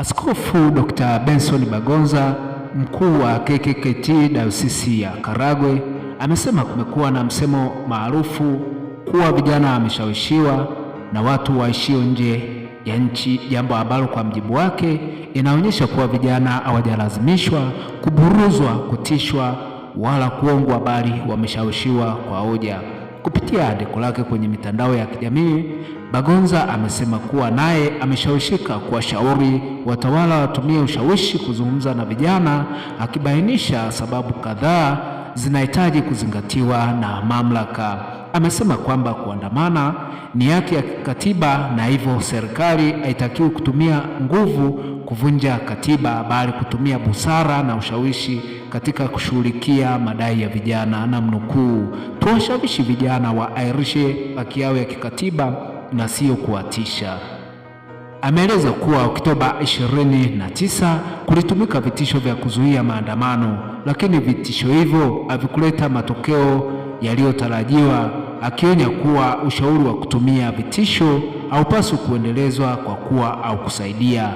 Askofu Dr. Benson Bagonza, mkuu wa KKKT Dayosisi ya Karagwe, amesema kumekuwa na msemo maarufu kuwa vijana wameshawishiwa na watu waishio nje ya nchi, jambo ambalo kwa mjibu wake inaonyesha kuwa vijana hawajalazimishwa, kuburuzwa, kutishwa wala kuongwa, bali wameshawishiwa kwa hoja. Kupitia andiko lake kwenye mitandao ya kijamii, Bagonza amesema kuwa naye ameshawishika kuwashauri watawala watumie ushawishi kuzungumza na vijana, akibainisha sababu kadhaa zinahitaji kuzingatiwa na mamlaka. Amesema kwamba kuandamana ni haki ya kikatiba na hivyo serikali haitakiwi kutumia nguvu kuvunja katiba, bali kutumia busara na ushawishi katika kushughulikia madai ya vijana, na mnukuu, tuwashawishi vijana waahirishe haki yao ya kikatiba na sio kuwatisha. Ameeleza kuwa Oktoba 29 kulitumika vitisho vya kuzuia maandamano, lakini vitisho hivyo havikuleta matokeo yaliyotarajiwa, akionya kuwa ushauri wa kutumia vitisho haupaswi kuendelezwa kwa kuwa kusaidia.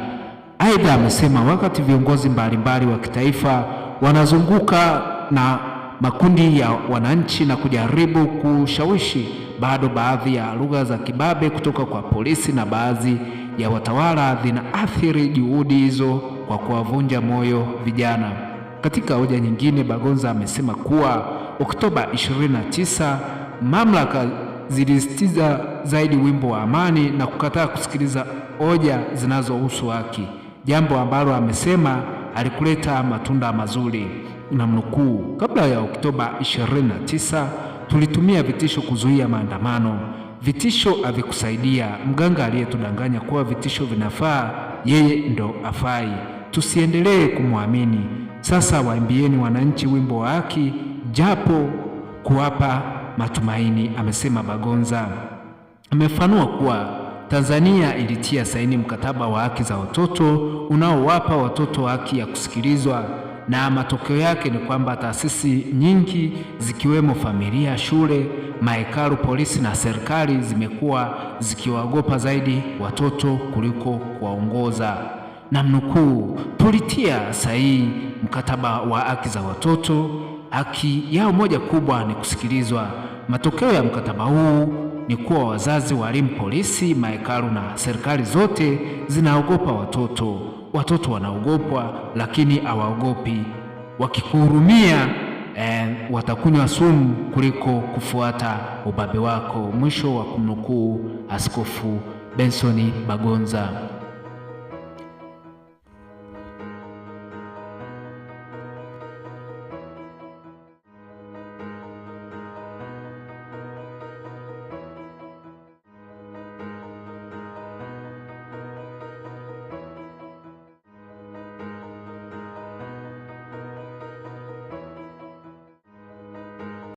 Aidha, amesema wakati viongozi mbalimbali wa kitaifa wanazunguka na makundi ya wananchi na kujaribu kushawishi bado baadhi ya lugha za kibabe kutoka kwa polisi na baadhi ya watawala zinaathiri juhudi hizo kwa kuwavunja moyo vijana. Katika hoja nyingine, Bagonza amesema kuwa Oktoba 29 mamlaka zilisitiza zaidi wimbo wa amani na kukataa kusikiliza hoja zinazohusu haki, jambo ambalo amesema alikuleta matunda mazuri unamnukuu, kabla ya Oktoba 29 tulitumia vitisho kuzuia maandamano. Vitisho havikusaidia. Mganga aliyetudanganya kuwa vitisho vinafaa, yeye ndo afai. Tusiendelee kumwamini. Sasa waimbieni wananchi wimbo wa haki, japo kuwapa matumaini, amesema Bagonza. Amefanua kuwa Tanzania ilitia saini mkataba wa haki za watoto unaowapa watoto haki ya kusikilizwa na matokeo yake ni kwamba taasisi nyingi zikiwemo familia, shule, mahekalu, polisi na serikali zimekuwa zikiwaogopa zaidi watoto kuliko kuwaongoza. Namnukuu, tulitia sahihi mkataba wa haki za watoto. Haki yao moja kubwa ni kusikilizwa. Matokeo ya mkataba huu ni kuwa wazazi, walimu, polisi, mahekalu na serikali zote zinaogopa watoto watoto wanaogopwa, lakini hawaogopi. Wakikuhurumia eh, watakunywa sumu kuliko kufuata ubabe wako. Mwisho wa kumnukuu Askofu Benson Bagonza.